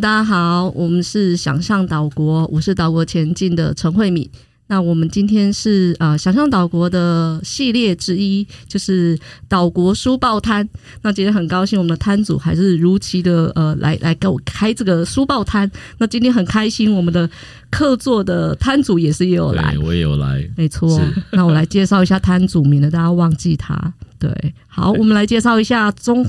大家好，我們是想像島國，我是島國前進的陳惠敏。那我們今天是呃，想像島國的系列之一，就是島國書報攤。那今天很高興，我們的攤主還是如期的呃來來給我開這個書報攤。那今天很開心，我們的客座的攤主也是也有來，我也有來，沒錯錯。是 那我來介紹一下攤主，免得大家忘記他。對，好，我們來介紹一下中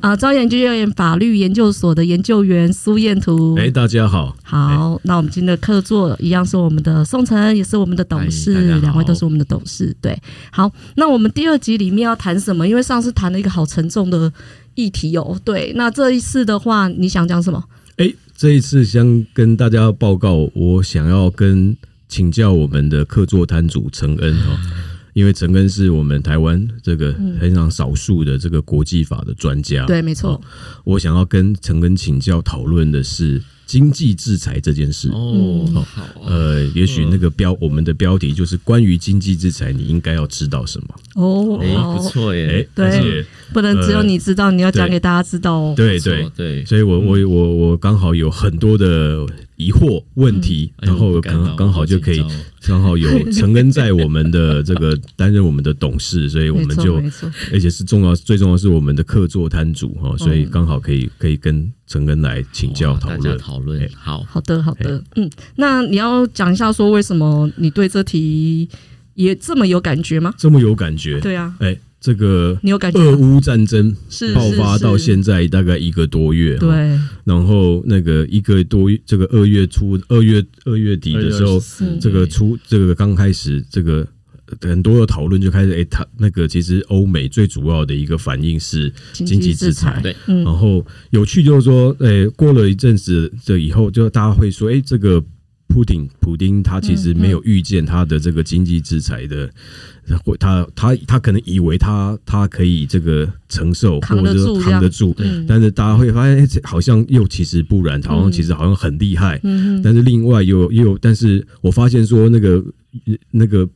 啊，央、呃、研究院法律研究所的研究員蘇彥圖。哎、欸，大家好。好，欸、那我們今天的客座一樣是我們的宋承恩也是我們的董事，兩、欸、位都是我們的董事。對，好，那我們第二集裡面要談什麼？因為上次談了一個好沉重的議題哦、喔。對，那這一次的話，你想講什麼？哎、欸，這一次想跟大家報告，我想要跟請教我們的客座攤主承恩哦、喔。因為承恩是我們台灣這個非常少數的這個國際法的專家，對，沒錯。我想要跟承恩請教討論的是經濟制裁這件事。哦，好，呃，也許那個標，我們的標題就是關於經濟制裁，你應該要知道什麼？哦，哎，不錯耶，哎，對，不能只有你知道，你要講給大家知道哦。對對對，所以我我我我剛好有很多的。疑惑問題，然後剛剛好就可以，剛好有承恩在我們的這個擔任我們的董事，所以我們就，而且是重要，最重要是我們的客座攤主哈，所以剛好可以可以跟承恩來請教討論討論。好，好的，好的，嗯，那你要講一下說為什麼你對這題也這麼有感覺嗎？這麼有感覺，對呀，哎。這個俄烏戰爭爆發到現在大概一個多月，對，然後那個一個多月這個二月初、二月二月底的時候，這個初這個剛開始，這個很多的討論就開始，哎，他那個其實歐美最主要的一個反應是經濟制裁，對，然後有趣就是說，哎，過了一陣子的以後，就大家會說，哎，這個。普丁普丁他其實沒有預見他的這個經濟制裁的，他、嗯，嗯、他，他，他可能以為他，他可以這個承受，或者說扛得住。嗯、但是大家會發現，好像又其實不然，好像其實好像很厲害。嗯嗯、但是另外又又，但是我發現說那個那個。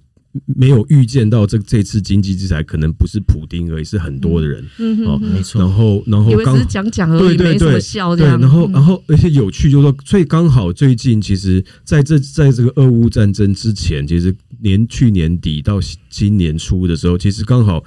沒有預見到這這次經濟制裁可能不是普丁而已，是很多的人嗯，嗯，嗯沒錯。然後，然後剛講講對，對，對，對。然後，嗯、然後，而且有趣就是說，所以剛好最近其實在這在這個俄烏戰爭之前，其實年去年底到今年初的時候，其實剛好。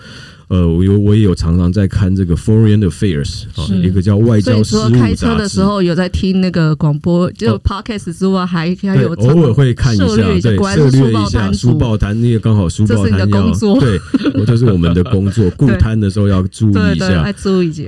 呃，我有我也有常常在看這個 Foreign Affairs 哦，一個叫外交事務。所以說開車的時候有在聽那個廣播，就 Podcast 之外，還還有偶爾會看一下，對，涉獵一下書報攤。那個剛好書報攤工作，對，這是我們的工作。顧攤的時候要注意一下，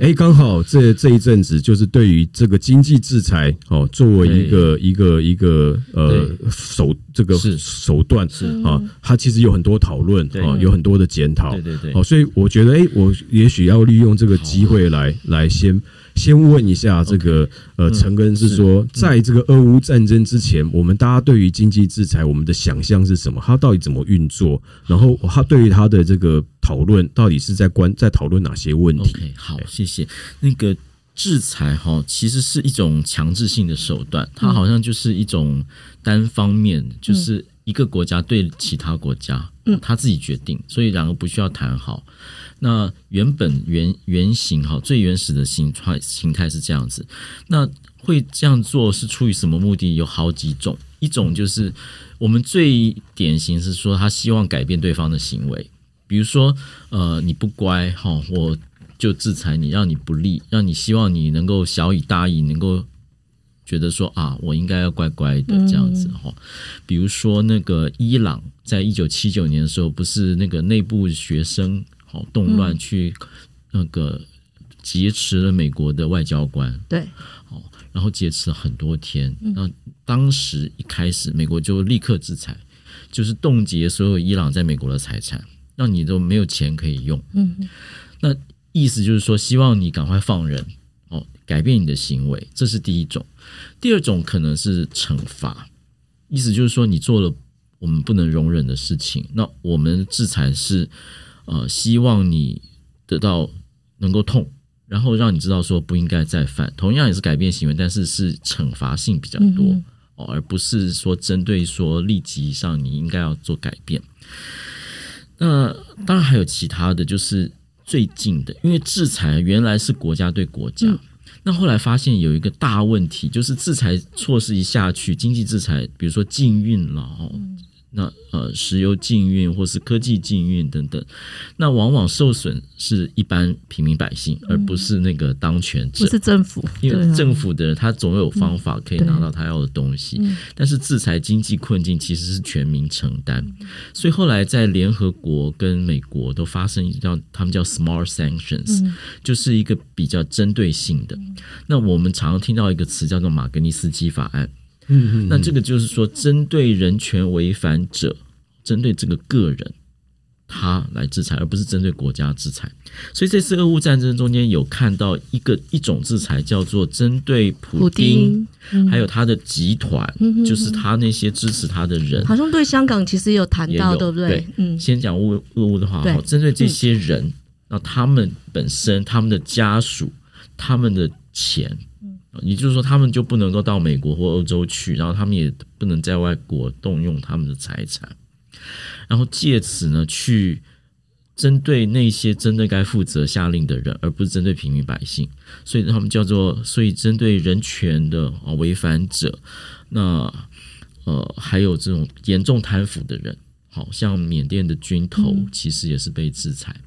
哎，剛好這這一陣子就是對於這個經濟制裁哦，作為一個一個一個呃手這個手段是啊，它其實有很多討論啊，有很多的檢討，對對對。哦，所以我。覺得誒、欸，我也許要利用這個機會來好來先先問一下這個 okay, 呃，承恩是說，是在這個俄烏戰爭之前，嗯、我們大家對於經濟制裁我們的想象是什麼？它到底怎麼運作？然後他對於他的這個討論，到底是在關在討論哪些問題？OK，好，謝謝。那個制裁哈，其實是一種強制性的手段，嗯、它好像就是一種單方面，就是一個國家對其他國家，他、嗯、自己決定，所以兩個不需要談好。那原本原原型哈最原始的形態形態是這樣子，那會這樣做是出於什麼目的？有好幾種，一種就是我們最典型是說他希望改變對方的行為，比如說呃你不乖哈，我、哦、就制裁你，讓你不利，讓你希望你能夠曉以大義能夠覺得說啊我應該要乖乖的、嗯、這樣子哈、哦。比如說那個伊朗在一九七九年的時候，不是那個內部學生。哦，動亂去那個劫持了美國的外交官，嗯、對，哦，然後劫持很多天。嗯、那當時一開始，美國就立刻制裁，就是凍結所有伊朗在美國的財產，讓你都沒有錢可以用。嗯，那意思就是說，希望你趕快放人，哦，改變你的行為，這是第一種。第二種可能是懲罰，意思就是說，你做了我們不能容忍的事情，那我們制裁是。呃，希望你得到能夠痛，然後讓你知道說不應該再犯，同樣也是改變行為，但是是懲罰性比較多哦，嗯、哼而不是說，針對說立即上你應該要做改變。那當然還有其他的就是最近的，因為制裁原來是國家對國家，那、嗯、後來發現有一個大問題，就是制裁措施一下去經濟制裁，比如說禁運了。嗯那呃，石油禁運或是科技禁運等等，那往往受損是一般平民百姓，嗯、而不是那個當權者，不是政府，啊、因為政府的人他總有方法可以拿到他要的東西。嗯嗯、但是制裁經濟困境其實是全民承擔，嗯、所以後來在聯合國跟美國都發生一個，他們叫 smart sanctions，、嗯、就是一個比較針對性的。嗯、那我們常常聽到一個詞叫做馬格尼斯基法案。嗯，那這個就是說，針對人權違反者，針對這個個人，他來制裁，而不是針對國家制裁。所以這次俄烏戰爭中間有看到一個一種制裁，叫做針對普丁，還有他的集團，就是他那些支持他的人。好像對香港其實有談到，對不對？嗯，先講烏俄烏的話，對，針對這些人，那他們本身、他們的家屬、他們的錢。也就是說，他們就不能夠到美國或歐洲去，然後他們也不能在外國動用他們的財產，然後借此呢去針對那些真的該負責下令的人，而不是針對平民百姓。所以他們叫做，所以針對人權的啊違反者，那呃還有這種嚴重貪腐的人，好像緬甸的軍頭其實也是被制裁。嗯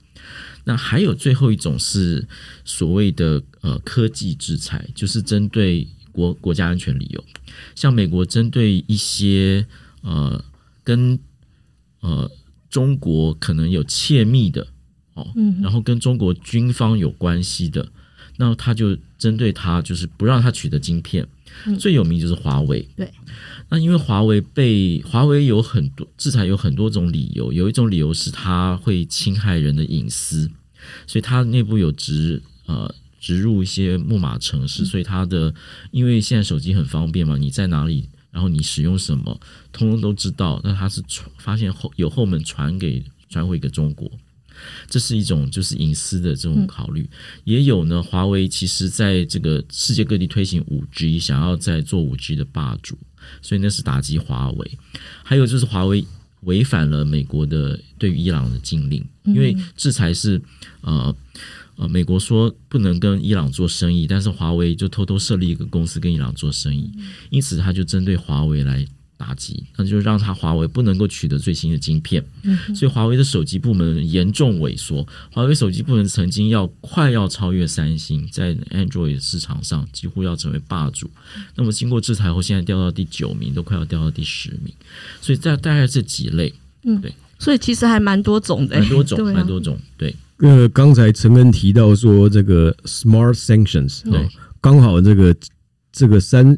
那還有最後一種是所謂的呃科技制裁，就是針對國國家安全理由，像美國針對一些呃跟呃中國可能有竊密的哦，嗯哼，然後跟中國軍方有關係的，那他就針對他就是不讓他取得晶片，嗯，最有名就是華為。對，那因為華為被華為有很多制裁有很多種理由，有一種理由是他會侵害人的隱私。所以它內部有植、呃植入一些木馬程式，所以它的、嗯、因為現在手機很方便嘛，你在哪裡，然後你使用什麼，通通都知道。那它是發現後有後門傳給傳回給中國，這是一種就是隱私的這種考慮。嗯、也有呢，華為其實在這個世界各地推行五 G，想要再做五 G 的霸主，所以那是打擊華為。還有就是華為。違反了美國的對於伊朗的禁令，因為制裁是呃呃，美國說不能跟伊朗做生意，但是華為就偷偷設立一個公司跟伊朗做生意，因此他就針對華為來。打擊，那就讓他華為不能夠取得最新的晶片，嗯、哼所以華為的手機部門嚴重萎縮。華為手機部門曾經要快要超越三星，在 Android 市場上幾乎要成為霸主。那麼經過制裁後，現在掉到第九名，都快要掉到第十名。所以在大概是幾類，嗯，對，所以其實還蠻多種的，蠻多種，蠻、啊、多種，對。呃，剛才承恩提到說這個 Smart Sanctions 啊、嗯，剛好這個這個三。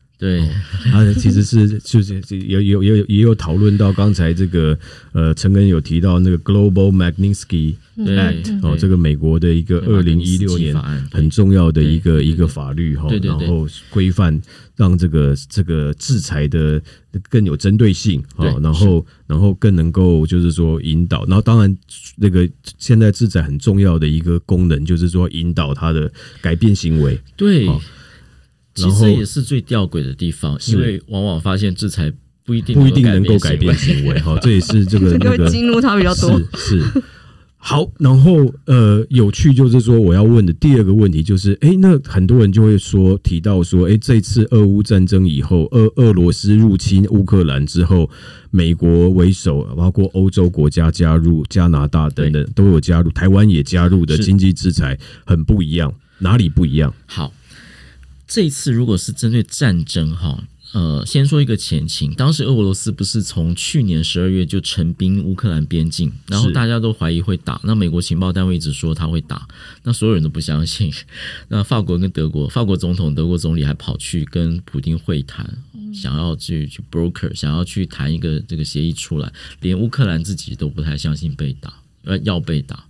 對、哦，啊，其實是就是也也也也有也有討論到剛才這個呃，陳根有提到那個 Global Magnitsky Act，哦，這個美國的一個二零一六年很重要的一個對對對一個法律哈、哦，然後規範讓這個這個制裁的更有針對性哈，哦、然後然後更能夠就是說引導，然後當然那個現在制裁很重要的一個功能就是說引導他的改變行為，對。哦然後其實也是最弔詭的地方，是因為往往發現制裁不一定不一定能夠改變行為哈， 這也是這個那個激怒他比較多是是。好，然後呃，有趣就是說，我要問的第二個問題就是，哎、欸，那很多人就會說提到說，哎、欸，這次俄烏戰爭以後，俄俄羅斯入侵烏克蘭之後，美國為首，包括歐洲國家加入，加拿大等等都有加入，對台灣也加入的經濟制裁很不一樣，是哪裡不一樣？好。這一次如果是針對戰爭哈，呃，先說一個前情，當時俄羅斯不是從去年十二月就陳兵烏克蘭邊境，然後大家都懷疑會打，那美國情報單位一直說他會打，那所有人都不相信，那法國跟德國，法國總統、德國總理還跑去跟普丁會談，想要去去 broker，想要去談一個這個協議出來，連烏克蘭自己都不太相信被打，呃，要被打。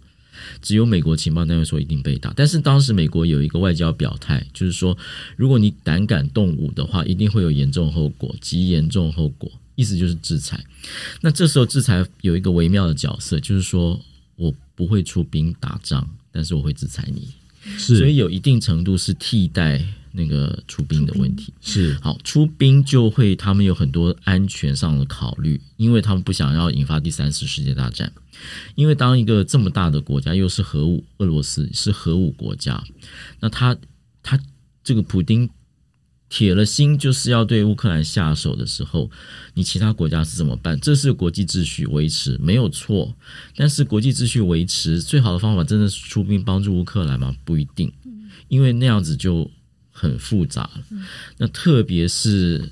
只有美國情報單位說一定被打，但是當時美國有一個外交表態，就是說，如果你膽敢動武的話，一定會有嚴重後果，極嚴重後果，意思就是制裁。那這時候制裁有一個微妙的角色，就是說我不會出兵打仗，但是我會制裁你，是所以有一定程度是替代。那個出兵的問題是出兵。好，出兵就會他們有很多安全上的考慮，因為他們不想要引發第三次世界大戰。因為當一個這麼大的國家又是核武，俄羅斯是核武國家，那他他這個普丁鐵了心就是要對烏克蘭下手的時候，你其他國家是怎麼辦？這是國際秩序維持沒有錯，但是國際秩序維持最好的方法真的是出兵幫助烏克蘭嗎？不一定，因為那樣子就。很複雜，那特別是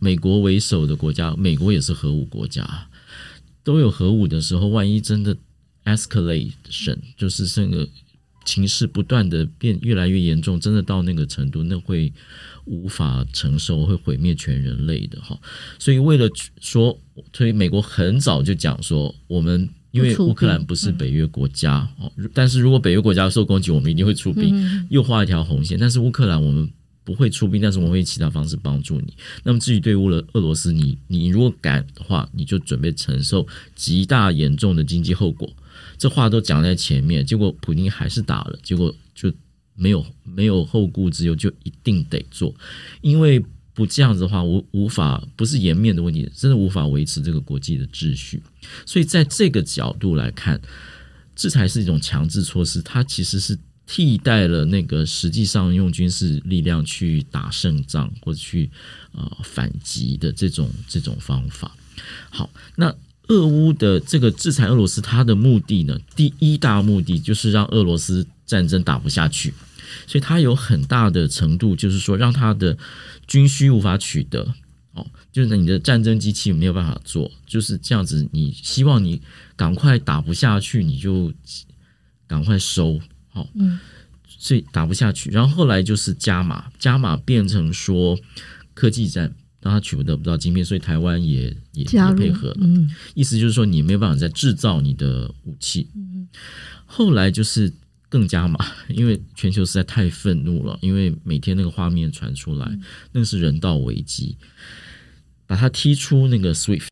美國為首的國家，美國也是核武國家，都有核武的時候，萬一真的 escalation，就是這個情勢不斷的變越來越嚴重，真的到那個程度，那會無法承受，會毀滅全人類的哈。所以為了說，所以美國很早就講說，我們。因為烏克蘭不是北約國家哦，嗯、但是如果北約國家受攻擊，我們一定會出兵，嗯嗯又畫一條紅線。但是烏克蘭我們不會出兵，但是我們會以其他方式幫助你。那麼至於對烏了俄羅斯，你你如果敢的話，你就準備承受極大嚴重的經濟後果。這話都講在前面，結果普丁還是打了，結果就沒有沒有後顧之憂，就一定得做，因為。不這樣子的話，無無法不是顏面的問題，真的無法維持這個國際的秩序。所以，在這個角度來看，制裁是一種強制措施，它其實是替代了那個實際上用軍事力量去打勝仗或者去啊、呃、反擊的這種這種方法。好，那俄烏的這個制裁俄羅斯，它的目的呢，第一大目的就是讓俄羅斯戰爭打不下去。所以它有很大的程度，就是說讓他的軍需無法取得，哦，就是你的戰爭機器沒有辦法做，就是這樣子。你希望你趕快打不下去，你就趕快收，好、哦。嗯。所以打不下去，然後後來就是加碼，加碼變成說科技戰，讓他取不到，不到晶片，所以台灣也也，加入，也配合。嗯，意思就是說你沒有辦法再制造你的武器。嗯嗯。後來就是。更加嘛，因為全球實在太憤怒了，因為每天那個畫面傳出來，那是人道危機，把它踢出那個 SWIFT，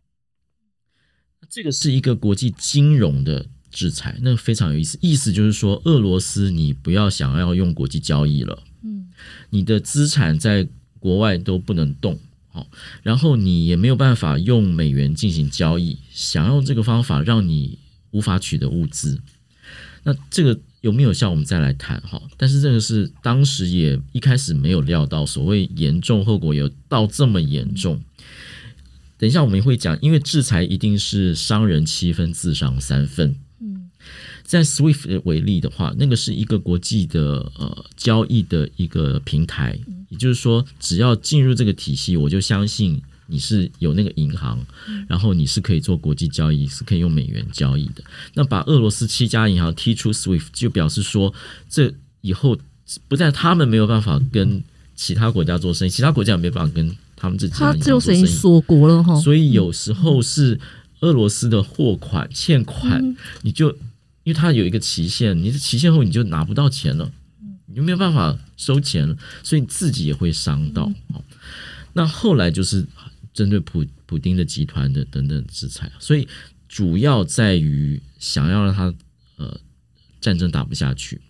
這個是一個國際金融的制裁，那個非常有意思，意思就是說，俄羅斯你不要想要用國際交易了，嗯，你的資產在國外都不能動，好，然後你也沒有辦法用美元進行交易，想用這個方法讓你無法取得物資，那這個。有沒有效？我們再來談哈。但是這個是當時也一開始沒有料到，所謂嚴重後果有到這麼嚴重。嗯，等一下我們會講，因為制裁一定是傷人七分，自傷三分。嗯，在 SWIFT 為例的話，那個是一個國際的呃交易的一個平台，也就是說，只要進入這個體系，我就相信。你是有那個銀行，然後你是可以做國際交易，是可以用美元交易的。那把俄羅斯七家銀行踢出 SWIFT，就表示說，這以後不但他們沒有辦法跟其他國家做生意，其他國家也沒辦法跟他們自己做生意。他就是鎖國了哦，所以有時候是俄羅斯的貨款欠款，你就因為它有一個期限，你的期限後你就拿不到錢了，你就沒有辦法收錢了，所以自己也會傷到。嗯、那後來就是。針對普普丁的集團的等等的制裁，所以主要在於想要讓他呃戰爭打不下去。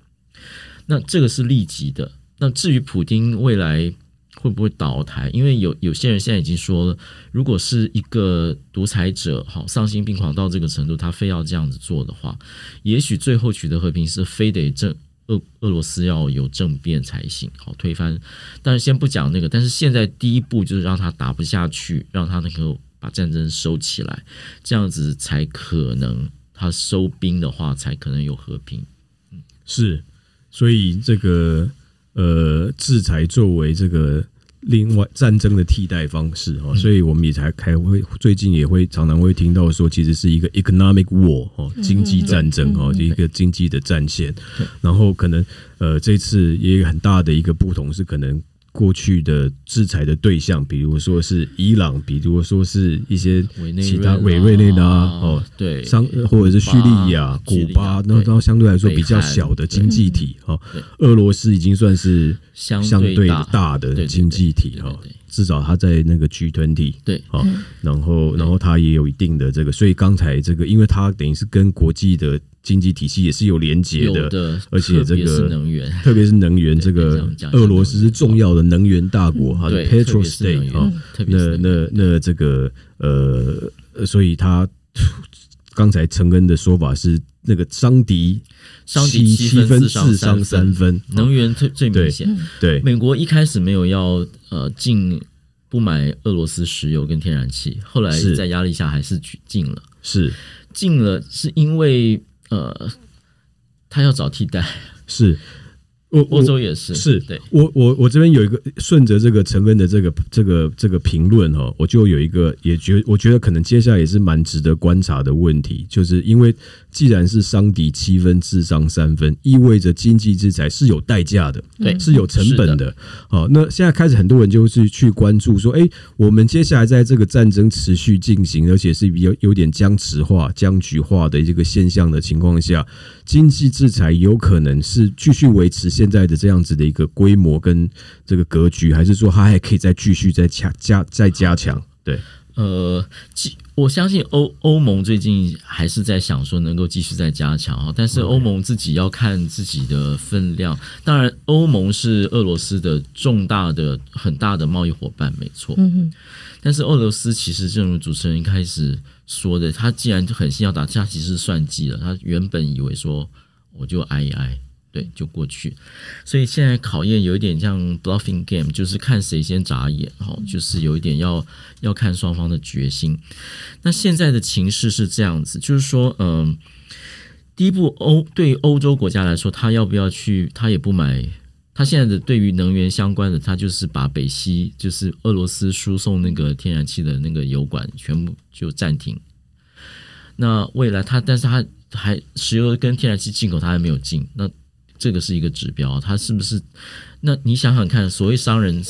那這個是立即的。那至於普丁未來會不會倒台，因為有有些人現在已經說了，如果是一個獨裁者，好喪心病狂到這個程度，他非要這樣子做的話，也許最後取得和平是非得這。俄俄羅斯要有政變才行，好推翻，但是先不講那個，但是現在第一步就是讓他打不下去，讓他能夠把戰爭收起來，這樣子才可能他收兵的話，才可能有和平。嗯，是，所以這個呃制裁作為這個。另外，戰爭的替代方式哈，所以我們也才開會，最近也會常常會聽到說，其實是一個 economic war 哈，經濟戰爭哈，嗯嗯嗯，就一個經濟的戰線，嗯嗯，然後可能呃，這次也有很大的一個不同是可能。過去的制裁的對象，比如說是伊朗，比如說是一些其他委內瑞拉哦，對，商或者是敘利亞、古巴，那都古巴、古巴、相對來說比較小的經濟體哈。俄羅斯已經算是相對大的經濟體哈，至少它在那個 G20 對啊，然後然後它也有一定的這個，所以剛才這個，因為它等於是跟國際的。經濟體系也是有連接的，而且這個特別是能源，這個俄羅斯是重要的能源大國，它的 petrols 對啊，那那那這個呃，所以他剛才陳恩的說法是那個傷敵傷敵七分四傷三分，能源最最明顯。對，美國一開始沒有要呃禁不買俄羅斯石油跟天然氣，後來在壓力下還是舉禁了，是進了，是因為。呃，他要找替代，是。我歐洲也是，是對，我我我這邊有一個順着這個承恩的這個這個這個評論哈，我就有一個也覺我覺得可能接下來也是蠻值得觀察的問題，就是因為既然是傷敵七分，自傷三分，意味着經濟制裁是有代價的，對，是有成本的。好的、喔，那現在開始很多人就是去關注說，哎、欸，我們接下來在這個戰爭持續進行，而且是有有點僵持化、僵局化的這個現象的情況下，經濟制裁有可能是繼續維持。現在的這樣子的一個規模跟這個格局，還是說它還可以再繼續再加加再加強？對，呃，我相信歐歐盟最近還是在想說能夠繼續再加強啊，但是歐盟自己要看自己的分量。對當然，歐盟是俄羅斯的重大的、很大的貿易夥伴，沒錯。嗯嗯哼。但是俄羅斯其實，正如主持人一開始說的，他既然狠心要打，他，其實是算計了。他原本以為說，我就挨一挨。對，就過去，所以現在考驗有一點像 bluffing game，就是看誰先眨眼哈，就是有一點要要看雙方的決心。那現在的情勢是這樣子，就是說，嗯，第一步歐對歐洲國家來說，他要不要去？他也不買。他現在的對於能源相關的，他就是把北溪，就是俄羅斯輸送那個天然氣的那個油管全部就暫停。那未來他，但是他還石油跟天然氣進口，他還沒有進那。這個是一個指標，它是不是？那你想想看，所謂傷人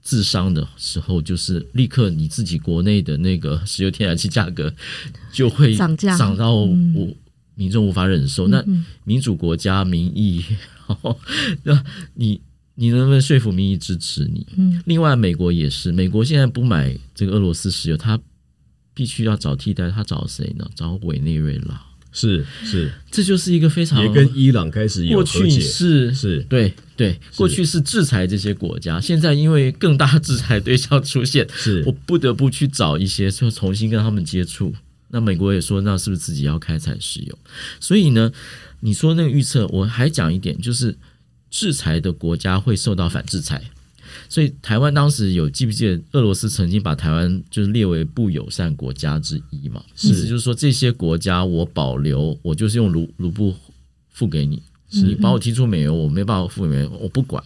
自傷的時候，就是立刻你自己國內的那個石油天然氣價格就會漲價，漲到我民眾無法忍受。嗯嗯嗯、那民主國家民意， 那你你能不能說服民意支持你？嗯、另外，美國也是，美國現在不買這個俄羅斯石油，他必須要找替代，他找誰呢？找委內瑞拉。是是，這就是一個非常也跟伊朗開始一樣，過去是是，對對，過去是制裁這些國家，現在因為更大制裁對象出現，是我不得不去找一些，就重新跟他們接觸。那美國也說，那是不是自己要開採石油？所以呢，你說那個預測，我還講一點，就是制裁的國家會受到反制裁。所以台灣當時有記不記得俄羅斯曾經把台灣就是列為不友善國家之一嘛？是，就是說這些國家我保留，我就是用盧盧布付給你，是你把我踢出美元，我沒辦法付美元，我不管。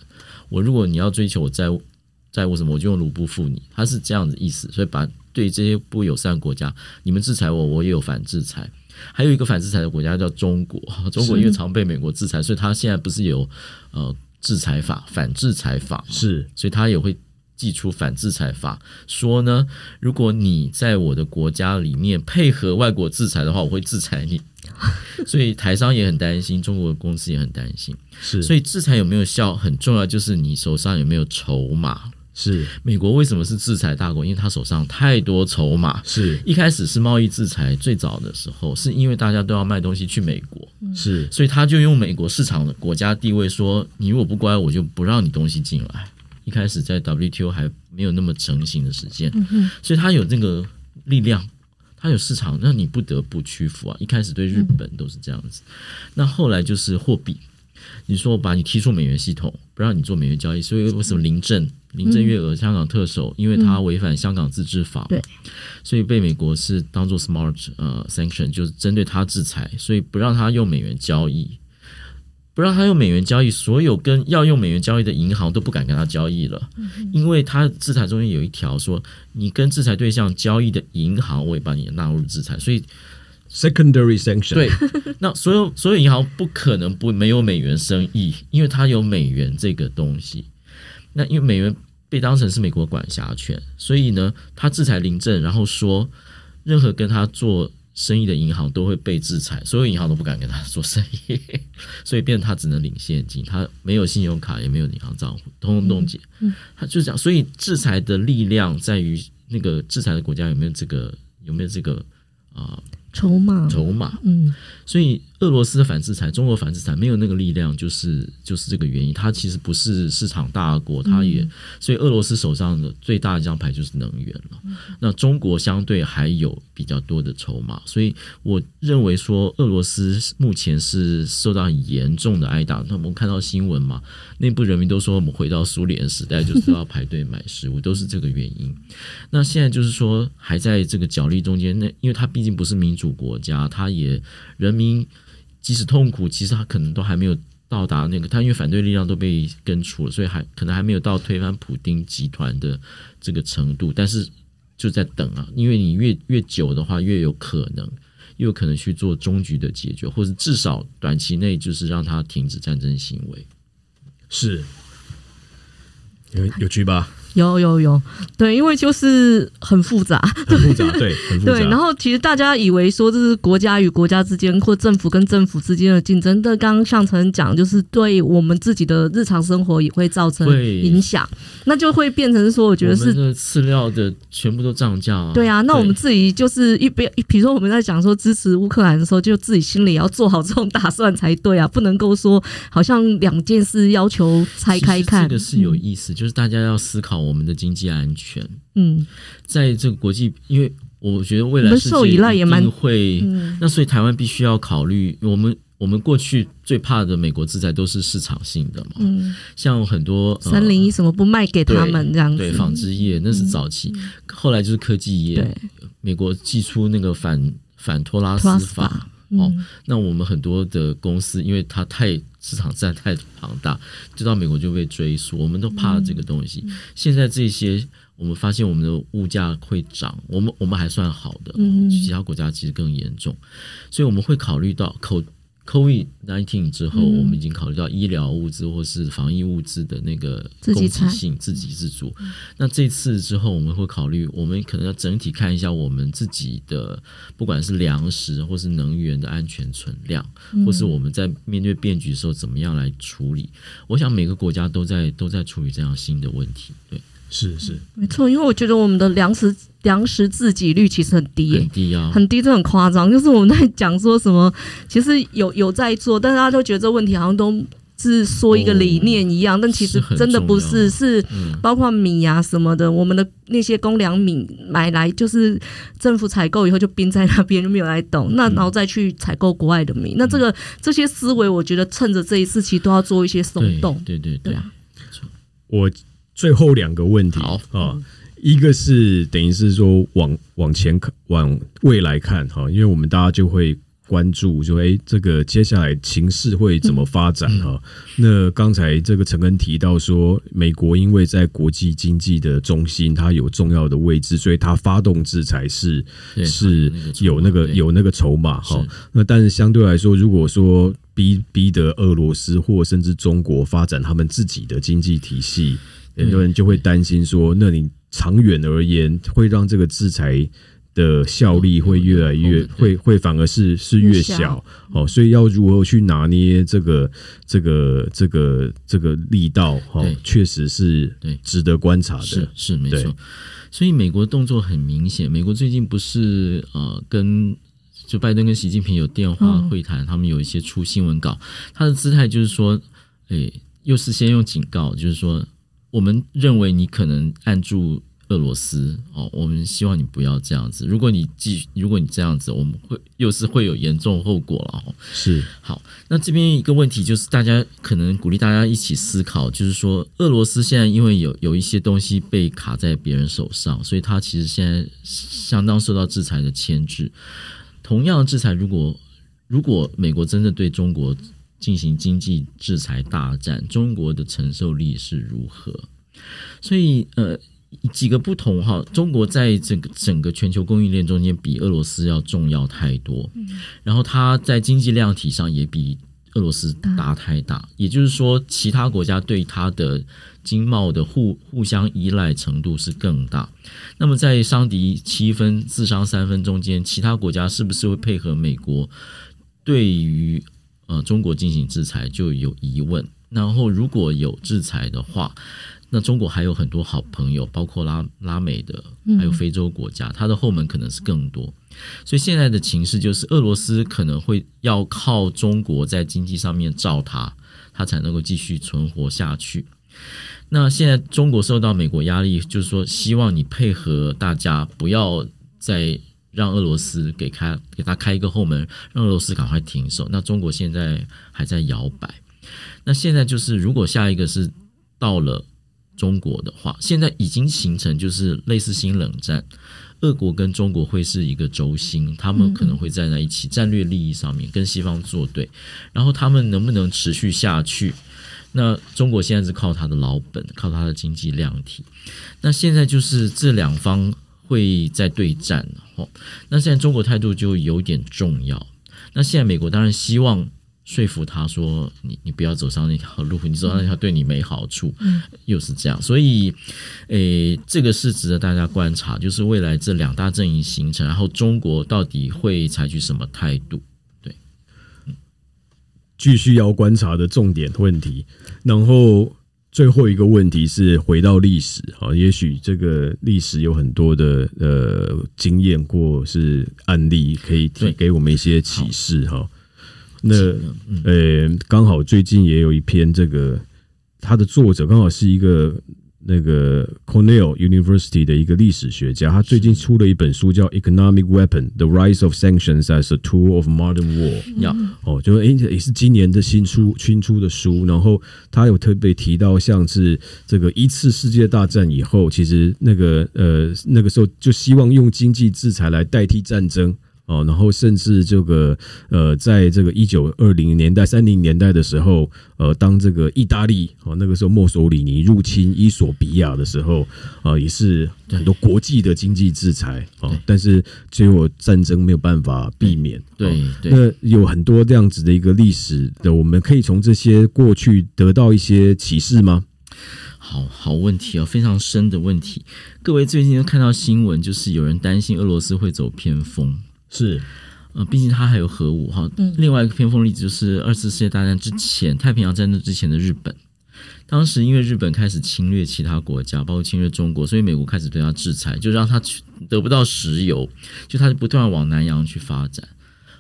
我如果你要追求我，我在債務什麼，我就用盧布付你。他是這樣子的意思，所以把對這些不友善國家，你們制裁我，我也有反制裁。還有一個反制裁的國家叫中國，中國因為常被美國制裁，是所以他現在不是有呃。制裁法、反制裁法，是，所以他也會祭出反制裁法，說呢，如果你在我的國家裡面配合外國制裁的話，我會制裁你。 所以台商也很擔心，中國的公司也很擔心。是，所以制裁有沒有效很重要，就是你手上有沒有籌碼。是美國為什麼是制裁大國？因為他手上太多籌碼。是一開始是貿易制裁，最早的時候是因為大家都要賣東西去美國，嗯、是所以他就用美國市場的國家地位說：“你如果不乖，我就不讓你東西進來。”一開始在 WTO 還沒有那麼成型的時間，嗯、哼所以他有那個力量，他有市場讓你不得不屈服啊！一開始對日本都是這樣子，嗯、那後來就是貨幣，你說把你踢出美元系統。不讓你做美元交易，所以為什麼林鄭？林鄭月娥、嗯、香港特首，因為他違反香港自治法，嗯、所以被美國是當做 smart 呃、uh, sanction，就是針對他制裁，所以不讓他用美元交易，不讓他用美元交易，所有跟要用美元交易的銀行都不敢跟他交易了，嗯、哼因為他制裁中間有一條說，你跟制裁對象交易的銀行，我也把你納入制裁，所以。Secondary sanction。對，那所有所有銀行不可能不沒有美元生意，因為它有美元這個東西。那因為美元被當成是美國管轄權，所以呢，他制裁林鄭，然後說任何跟他做生意的銀行都會被制裁，所有銀行都不敢跟他做生意，所以變他只能領現金，他沒有信用卡，也沒有銀行賬戶，通通凍結。嗯嗯、他就這樣。所以制裁的力量在於那個制裁的國家有沒有這個有沒有這個啊？呃籌碼，籌碼，嗯，所以。俄羅斯的反制裁，中國反制裁沒有那個力量，就是就是這個原因。它其實不是市場大國，它也所以俄羅斯手上的最大的一張牌就是能源了。那中國相對還有比較多的籌碼，所以我認為說，俄羅斯目前是受到嚴重的挨打。那我們看到新聞嘛，內部人民都說我們回到蘇聯時代，就是要排隊買食物， 都是這個原因。那現在就是說還在這個角力中間，那因為它畢竟不是民主國家，它也人民。即使痛苦，其實他可能都還沒有到達那個。他因為反對力量都被根除了，所以還可能還沒有到推翻普丁集團的這個程度。但是就在等啊，因為你越越久的話，越有可能，越有可能去做終局的解決，或是至少短期內就是讓他停止戰爭行為。是，有有趣吧。有有有，對，因為就是很複雜，很複雜，對，很複雜對。然後其實大家以為說這是國家與國家之間或政府跟政府之間的競爭，但剛剛承恩講，就是對我們自己的日常生活也會造成影響，對那就會變成說，我覺得是飼料的全部都漲價，啊。對啊，那我們自己就是一邊，對比如說我們在講說支持烏克蘭的時候，就自己心裡要做好這種打算才對啊，不能夠說好像兩件事要求拆開看。這個是有意思，嗯、就是大家要思考。我們的經濟安全，嗯，在這個國際，因為我覺得未來受依賴也蠻會，嗯、那所以台灣必須要考慮我們，我們過去最怕的美國制裁都是市場性的嘛，嗯，像很多、呃、森林什麼不賣給他們這樣子對，對紡織業那是早期，嗯、後來就是科技業，對、嗯、美國祭出那個反反托拉斯法。哦，那我們很多的公司，因為它太市場實在太龐大，就到美國就被追溯，我們都怕了這個東西。嗯嗯、現在這些，我們發現我們的物價會漲，我們我們還算好的，哦，其他國家其實更嚴重，所以我們會考慮到口。COVID-19 之後，嗯、我們已經考慮到醫療物資或是防疫物資的那個供給性、自給自足。那這次之後，我們會考慮，我們可能要整體看一下我們自己的，不管是糧食或是能源的安全存量，或是我們在面對變局的時候怎麼樣來處理。嗯、我想每個國家都在都在處理這樣新的問題，對。是是沒錯，因為我覺得我們的糧食糧食自給率其實很低誒、欸，很低啊，很低這很誇張。就是我們在講說什麼，其實有有在做，但是大家都覺得這個問題好像都是說一個理念一樣，哦、但其實真的不是，是，是包括米啊什麼的，嗯、我們的那些公糧米買來就是政府採購以後就冰在那邊就沒有來動。那然後再去採購國外的米，嗯、那這個這些思維，我覺得趁着這一次其實都要做一些鬆動，對對對，對，對啊，沒錯，我。最後兩個問題啊，好一個是等於是說，往往前看，往未來看哈，因為我們大家就會關注說，就、欸、哎，這個接下來形勢會怎麼發展哈？嗯、那剛才這個承恩提到說，美國因為在國際經濟的中心，它有重要的位置，所以它發動制裁是是，是有那個籌碼對有那個籌碼哈。那是但是相對來說，如果說逼逼得俄羅斯或甚至中國發展他們自己的經濟體系。很多人就會擔心說，那你長遠而言，會讓這個制裁的效力會越來越，會會反而是是越小。好，所以要如何去拿捏這個這個這個這個力道？確實是值得觀察的，是是沒錯。所以美國動作很明顯，美國最近不是呃跟就拜登跟習近平有電話會談，他們有一些出新聞稿，他的姿態就是說，哎，又是先用警告，就是說。我們認為你可能按住俄羅斯哦，我們希望你不要這樣子。如果你繼續，如果你這樣子，我們會又是會有嚴重後果了哦。是，好，那這邊一個問題就是，大家可能鼓勵大家一起思考，就是說，俄羅斯現在因為有有一些東西被卡在別人手上，所以它其實現在相當受到制裁的牽制。同樣的制裁，如果如果美國真的對中國，進行經濟制裁大戰，中國的承受力是如何？所以呃，幾個不同哈，中國在整個整個全球供應鏈中間比俄羅斯要重要太多，然後它在經濟量體上也比俄羅斯大太大，嗯，也就是說，其他國家對它的經貿的互互相依賴程度是更大。那麼在傷敵七分自傷三分中間，其他國家是不是會配合美國？對於呃、嗯，中國進行制裁就有疑問。然後如果有制裁的話，那中國還有很多好朋友，包括拉拉美的，還有非洲國家，它的後門可能是更多。所以現在的情勢就是，俄羅斯可能會要靠中國在經濟上面罩它，它才能夠繼續存活下去。那現在中國受到美國壓力，就是說希望你配合大家，不要再，讓俄羅斯給開，給他開一個後門，讓俄羅斯趕快停手。那中國現在還在搖擺。那現在就是，如果下一個是到了中國的話，現在已經形成就是類似新冷戰，俄國跟中國會是一個軸心，他們可能會站在一起，戰略利益上面跟西方作對。嗯嗯。然後他們能不能持續下去？那中國現在是靠他的老本，靠他的經濟量體。那現在就是這兩方。會在對戰哦，那現在中國態度就有點重要。那現在美國當然希望說服他說你：“你你不要走上那條路，你走上那條對你沒好處。”嗯，又是這樣，所以誒，這個是值得大家觀察，就是未來這兩大陣營形成，然後中國到底會採取什麼態度？對，嗯，繼續要觀察的重點問題，然後。最後一個問題，是回到歷史哈，也許這個歷史有很多的呃經驗或是案例，可以給對給我們一些啟示哈。那，嗯，欸，剛好最近也有一篇這個，他的作者剛好是一個。那個 Cornell University 的一個歷史學家，他最近出了一本書，叫《Economic Weapon: The Rise of Sanctions as a Tool of Modern War》。Yeah. 哦，就哎、欸、也是今年的新出新出的書。然後他有特別提到，像是這個一次世界大戰以後，其實那個呃那個時候就希望用經濟制裁來代替戰爭。哦，然後甚至這個呃，在這個一九二零年代、三零年代的時候，呃，當這個意大利哦，那個時候墨索里尼入侵伊索比亞的時候，啊、呃，也是很多國際的經濟制裁哦。對但是最後戰爭沒有辦法避免。對對，哦、對對，那有很多這樣子的一個歷史的，我們可以從這些過去得到一些啟示嗎？好好問題哦，非常深的問題。各位最近都看到新聞，就是有人擔心俄羅斯會走偏鋒。是，呃、嗯，畢竟它還有核武哈。另外一個偏鋒例子，就是二次世界大戰之前，太平洋戰爭之前的日本，當時因為日本開始侵略其他國家，包括侵略中國，所以美國開始對他制裁，就讓他去得不到石油，就他就不斷往南洋去發展。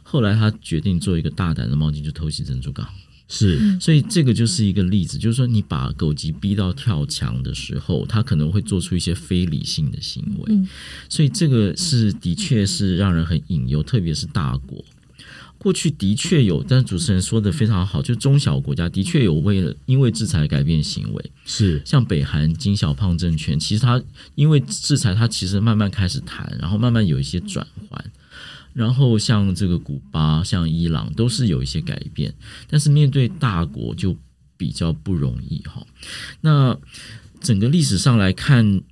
後來他決定做一個大膽的冒險，去偷襲珍珠港。是，所以這個就是一個例子，就是說你把狗急逼到跳牆的時候，他可能會做出一些非理性的行為。所以這個是的確是讓人很隱憂，特別是大國，過去的確有，但主持人說的非常好，就中小國家的確有為了因為制裁改變行為，是像北韓金小胖政權，其實他因為制裁，他其實慢慢開始談，然後慢慢有一些轉換。然後像這個古巴、像伊朗都是有一些改變，但是面對大國就比較不容易哈。那整個歷史上來看，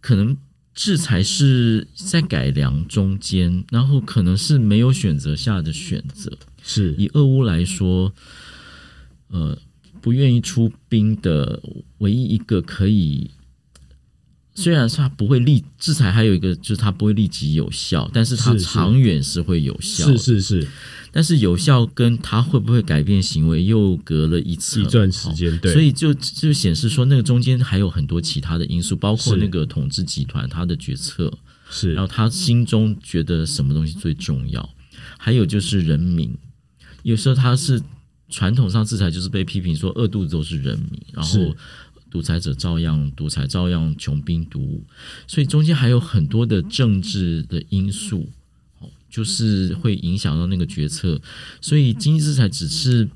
可能制裁是在改良中間，然後可能是沒有選擇下的選擇。是以俄烏來說，呃，不願意出兵的唯一一個可以。雖然是他不會立制裁，還有一個就是他不會立即有效，但是他長遠是會有效。是是。是是是，但是有效跟他會不會改變行為又隔了一次，一段時間，對。所以就就顯示說那個中間還有很多其他的因素，包括那個統治集團他的決策是，是然後他心中覺得什麼東西最重要，還有就是人民，有時候他是傳統上制裁就是被批評說餓肚子都是人民，然後。獨裁者照樣獨裁，照樣窮兵黷武，所以中間還有很多的政治的因素，哦，就是會影響到那個決策。所以經濟制裁只是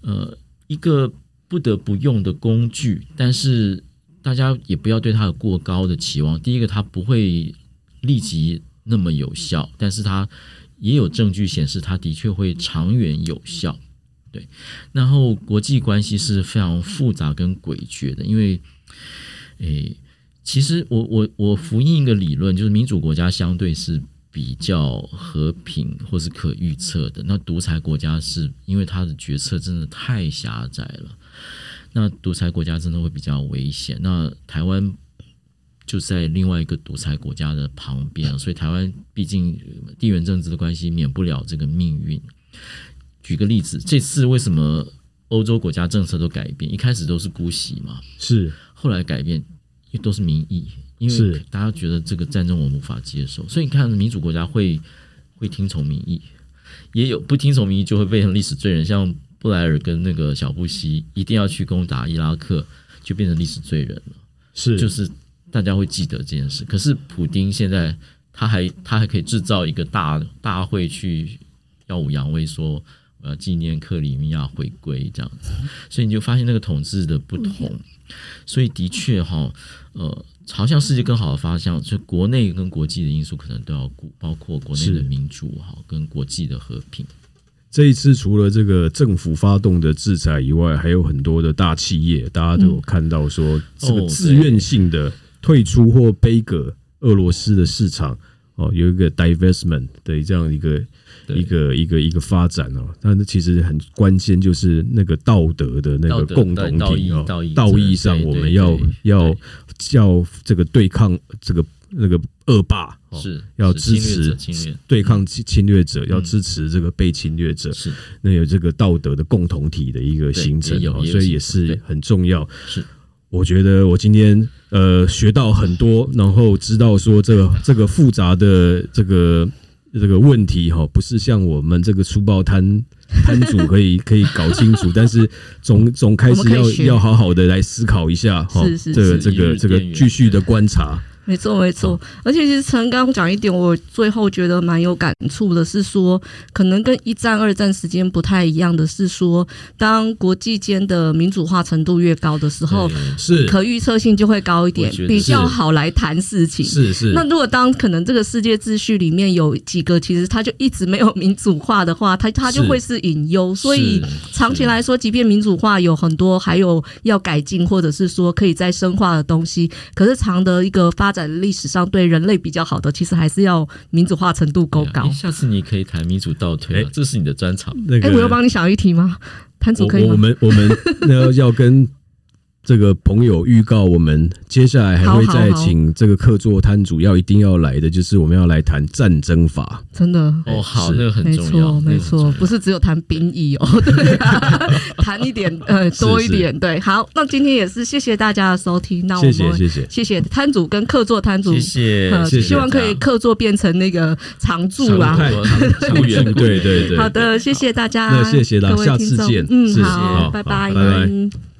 呃一個不得不用的工具，但是大家也不要對它有過高的期望。第一個，它不會立即那麼有效，但是它也有證據顯示，它的確會長遠有效。對，然後國際關係是非常複雜跟詭譎的，因為，誒，其實我我我服膺一個理論，就是民主國家相對是比較和平或是可預測的，那獨裁國家是因為他的決策真的太狹窄了，那獨裁國家真的會比較危險，那台灣就在另外一個獨裁國家的旁邊，所以台灣畢竟地緣政治的關係免不了這個命運。舉個例子，這次為什麼歐洲國家政策都改變？一開始都是姑息嘛，是後來改變，也都是民意，因為大家覺得這個戰爭我無法接受，是所以你看民主國家會會聽從民意，也有不聽從民意就會變成歷史罪人，像布萊爾跟那個小布希一定要去攻打伊拉克，就變成歷史罪人了，是就是大家會記得這件事。可是普丁現在他還他還可以製造一個大大會去耀武揚威說。呃，紀念克里米亞回歸這樣子，所以你就發現那個統治的不同，所以的確哈，呃，朝向世界更好的方向，就國內跟國際的因素可能都要顧，包括國內的民主哈是，跟國際的和平。這一次除了這個政府發動的制裁以外，還有很多的大企業，大家都有看到說，這個自願性的退出或背離俄羅斯的市場，哦，有一個 divestment 的這樣一個。一個一個一個發展哦，但是其實很關鍵，就是那個道德的那個共同體哦，道義上我們要要叫這個對抗這個那個惡霸，是要支持對抗侵侵略者，要支持這個被侵略者，是那有這個道德的共同體的一個形成啊，所以也是很重要。是，我覺得我今天呃學到很多，然後知道說這個這個複雜的這個。這個問題哈，不是像我們這個書報攤攤主可以可以搞清楚， 但是總總開始要要好好的來思考一下哈，是是是這個是是這個這個繼續的觀察。沒錯，沒錯。而且其實承恩剛講一點，我最後覺得蠻有感觸的，是說可能跟一戰、二戰時間不太一樣的是說，當國際間的民主化程度越高的時候，是可預測性就會高一點，比較好來談事情。是是。那如果當可能這個世界秩序裡面有幾個其實它就一直沒有民主化的話，它它就會是隱憂。所以長期來說，即便民主化有很多還有要改進或者是說可以再深化的東西，可是長的一個發展在歷史上對人類比較好的，其實還是要民主化程度夠高、啊。下次你可以談民主倒退、啊，這是你的專場。哎、那個，我要幫你想一題嗎？攤主可以我,我們我們 那要跟。這個朋友預告我們接下來還會再請這個客座攤主要一定要來的就是我們要來談戰爭法，真的哦？好，這個很重要，沒錯沒錯，不是只有談兵役哦，對啊，談一點呃多一點對，好，那今天也是謝謝大家的收聽，那我們謝謝謝謝攤主跟客座攤主，謝謝，希望可以客座變成那個常駐啊，常駐對對對，好的謝謝大家，那謝謝啦，下次見，嗯好，拜拜拜拜。